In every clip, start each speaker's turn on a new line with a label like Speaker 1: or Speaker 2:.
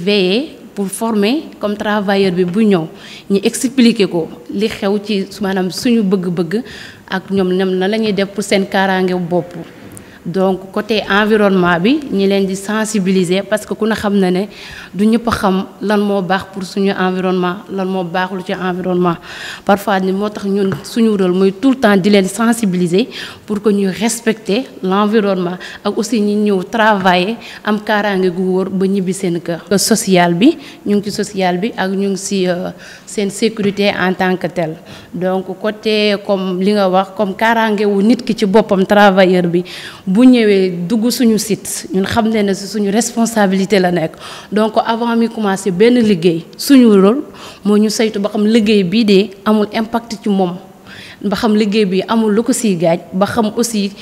Speaker 1: veiller pour former comme travailleur bi bu ñew ñi expliquer ko li xew ci manam suñu bëgg-bëgg ak ñom ñoom na lañuy def pour sen kaaraange bop donc côté environnement bi ñi leen di sensibiliser parce que ku na xam na ne du ñëpp a xam lan moo baax pour suñu environnement lan moo baaxul ci environnement parfois ni moo tax ñun suñu rôle muy tout le temps di leen sensibiliser pour que ñu respecter l'environnement ak aussi ñi ñëw travailler am kaaraange gu wóor ba ñibbi seen kër. Euh, social bi ñu ngi ci social bi ak ñu ngi si euh, seen sécurité en tant que tel donc côté comme li nga wax comme kaaraange wu nit ki ci boppam travailleur bi. bu ñëwee dugg suñu site ñun xam ne na si suñu responsabilité la nekk donc avant mi commencé benn liggéey suñu rôle moo ñu saytu ba xam liggéey bii dee amul impact ci moom ba xam liggéey bi amul lu ko siy gaañ ba xam aussi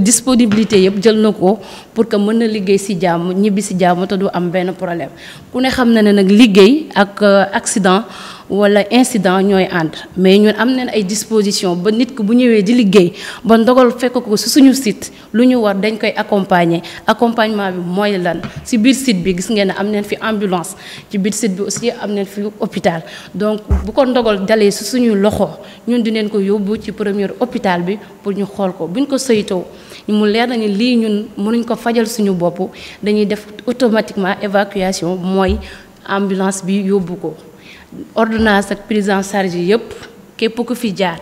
Speaker 1: disponibilité yëpp jël na ko pour que mën na liggéey si jàmm ñibbi si jàmm te du am benn problème ku ne xam na ne nag liggéey ak euh, accident wala incident ñooy ànd mais ñun am nañ ay disposition ba nit ki bu ñëwee di liggéey ba ndogal fekk ko su suñu site lu ñu war dañ koy accompagner accompagnement bi mooy lan si biir site bi gis ngeen ne am nañ fi ambulance ci biir site bi aussi am nañ fi hôpital donc bu ko ndogal dalee su suñu loxo ñun dinañ ko yóbbu ci premier hôpital bi pour ñu xool ko buñ ko saytoo mu leer nañu lii ñun mënuñ ko fajal suñu bopp dañuy def automatiquement évacuation mooy ambulance bi yóbbu ko ordonnance ak prise en charge yi képp ku fi jaar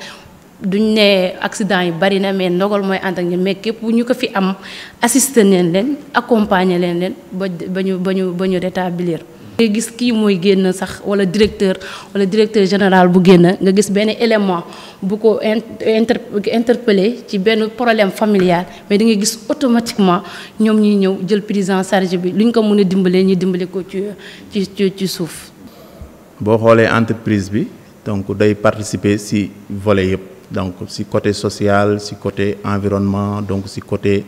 Speaker 1: duñ ne accident yi bari na mais ndogal mooy ànd ak ñu mais képp ñu ko fi am assister leen leen accompagner leen leen ba ba ñu ba ñu ba ñu rétablir. nga gis kii mooy génn sax wala directeur wala directeur général bu génn nga gis benn élément bu ko inter interpellé ci benn problème familial mais da nga gis automatiquement ñoom ñuy ñëw jël prise en charge bi luñ ko mën a dimbalee ñu dimbale ko ci ci ci suuf
Speaker 2: bo xolé entreprise bi donc day participer ci volet yëpp donc ci côté social ci côté environnement donc ci côté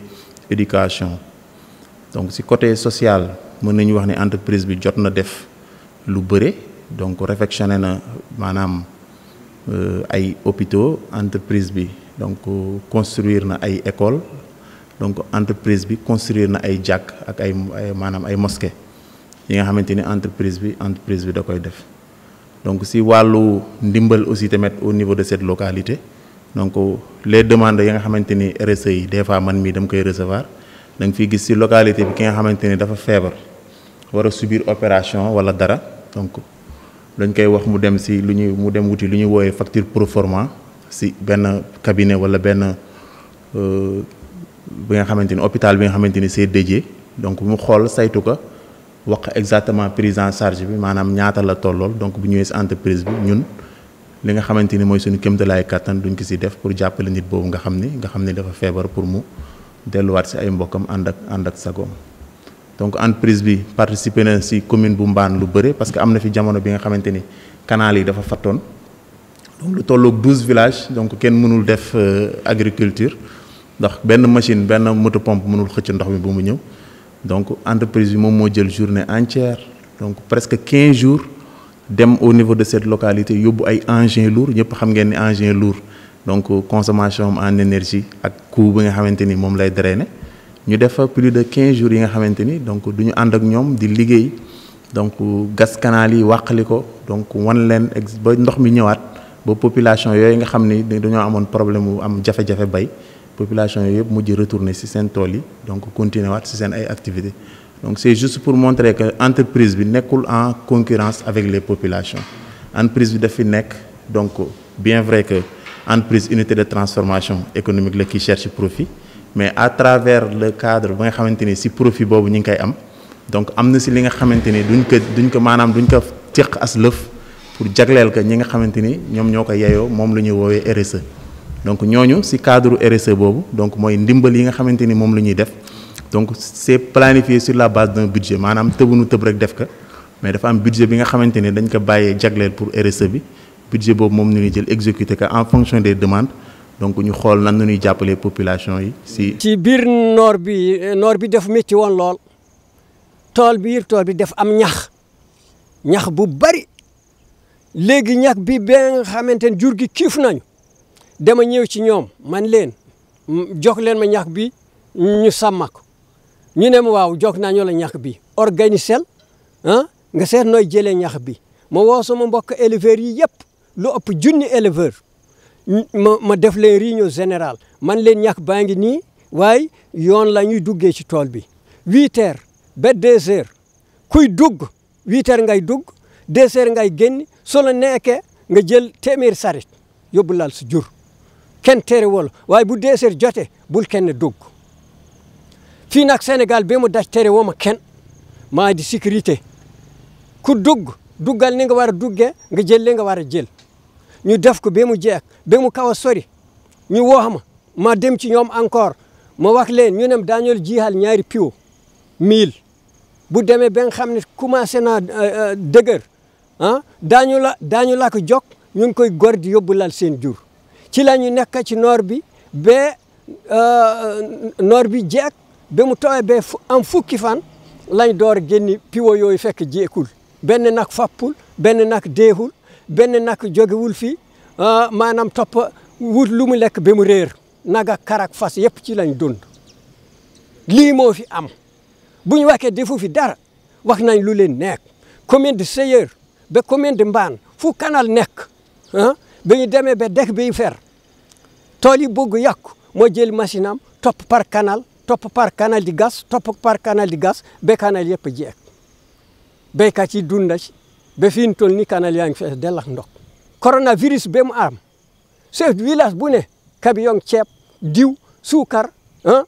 Speaker 2: éducation donc ci côté social mën nañu wax ni entreprise bi jotna def lu bëre donc réfectionner na euh, ay hôpitaux entreprise bi donc construire na ay école donc entreprise bi construire na ay jàkk ak ay manam ay mosquée yi nga xamanteni entreprise bi entreprise bi da koy def donc si wàllu ndimbal aussi tamit au niveau de cette localité donc les demandes yi nga xamante ni RSE yi des fois man mii dama koy recevoir da nga fiy gis si localité bi ki nga xamante ni dafa feebar wara a subir opération wala dara donc dañ koy wax mu dem si lu ñuy mu dem wuti lu ñuy woowee facture proforma si benn cabinet wala benn euh, bi nga xamante ni hôpital bi nga xamante ni c'est dédié donc mu xool saytu ko. wax exactement prise en charge bi maanaam ñaata la tollool donc bu ñëwee si entreprise bi ñun li nga xamante ni mooy suñu kéemtalaay kattan duñ ko si def pour jàppale nit boobu nga xam ni nga xam ni dafa feebar pour mu delluwaat si ay mbokkam ànd ak ànd ak sagoom donc entreprise bi participer na si commune bu mbaan lu bëre parce que am na fi jamono bi nga xamante ni kanaal yi dafa fattoon lu tolloog douze villages donc kenn mënul def euh, agriculture ndax benn machine benn moto mënul xëcc ndox mi bu mu ñëw. donc l'entreprise m'a journée entière donc presque 15 jours dem au niveau de cette localité a ay engins lourds engins lourds donc consommation en énergie le coût bi nga xamante nous lay drainer plus de 15 jours yi nga donc nous avons donc gaz canal donc population des nga problème population yeb yëpp retourner ci sen toli donc continuer waat ci sen ay activités donc c'est juste pour montrer que entreprise bi nekul en concurrence avec les populations entreprise bi daf fi donc bien vrai que entreprise unité de transformation économique qui cherche profit mais à travers le cadre si nga xamanteni ci profit bobu ñu ngi koy am donc amna ci li nga xamanteni duñ ko duñ ko manam duñ ko tiq as leuf pour que que ñi nga xamanteni ñom ñoko ñoo mom yeyoo RSE. donc ñooñu ci cadre RSE boobu donc mooy ndimbal yi nga xamante ni moom la ñuy def donc c'est planifié sur la base d'un budget maanaam tëbuñu tëb rek def ko mais dafa am budget bi nga xamante ni dañ ko bàyyee jagleel pour RSE bi budget boobu moom la ñuy jël exécuté ko en fonction des demandes. donc ñu xool nan la ñuy jàppalee population yi si.
Speaker 3: ci biir noor bi noor bi def métti woon lool tool bi tool bi def am ñax ñax bu bari léegi ñax bi ba nga xamante ne jur gi kiif nañu dama ñëw ci ñoom man leen jox leen ma ñax bi ñu sàmm ñu ne ma waaw jox naa ñoo la ñax bi organisel ah, nga seet nooy jëlee ñax bi ma woo sama mbokk éleveurs yi yëpp lu ëpp junni éleveur ma ma def leen réunion générale man leen ñax baa ngi nii waaye yoon la ñuy duggee ci tool bi huit be ba deux kuy dugg huit ngay dugg deux ngay génn soo la nekkee nga jël téeméer saret yóbbu lal si jur kenn terewul waaye bu deeseer jote bul kenn dugg fii nag Sénégal ba mu daj terewoo ma kenn maa di sécurité ku dugg duggal ni nga war a duggee nga jël li nga war a jël ñu def ko ba mu jeex ba mu kaw a sori ñu wax ma ma dem ci ñoom encore ma wax leen ñu ne daañu jiixal ñaari piwo mille bu demee ba nga xam ne commencé naa euh, euh, dëgër ah daañu la daañu la ko ñu ngi koy gor di yóbbu lal seen jur. ci la ñu nekk ci noor bi ba euh, euh, noor bi jeeg ba mu am fukki fan lañ door génni piwo yooyu fekk jeekul benn nag fappul benn nag deexul benn nag jógewul fii euh, maanaam topp wut lu mu lekk ba mu réer naga karak fas yëpp ci lañ dund lii moo fi am bu ñu waxee defu fi dara wax nañ lu leen nekk commune de Seyeur ba commune de Mbane fu kanal nekk bi ñu demee ba dëkk biy fer tool yi bëgg yàqu moo jël machine am topp par canal topp par canal di gas topp par canal di gas ba canal yëpp jeex béykat yi dund na fin ba fi ñu toll nii canal yaa ngi fees dell ak ndox coronavirus ba mu am chef village bu ne camion ceeb diw suukar ah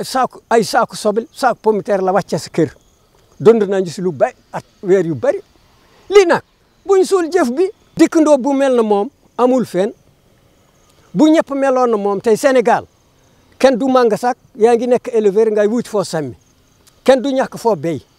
Speaker 3: saako ay saako soble saako pomme la wàcce si kër dund nañu si lu bay at weer yu bëri lii nag buñ suul bi. dikkandoo bu mel na moom amul fen bu ñëpp meloon na moom tey Sénégal kenn du màng sak yaa ngi nekk éleveur ngay wuti foo sàmmi kenn du ñàkk foo béy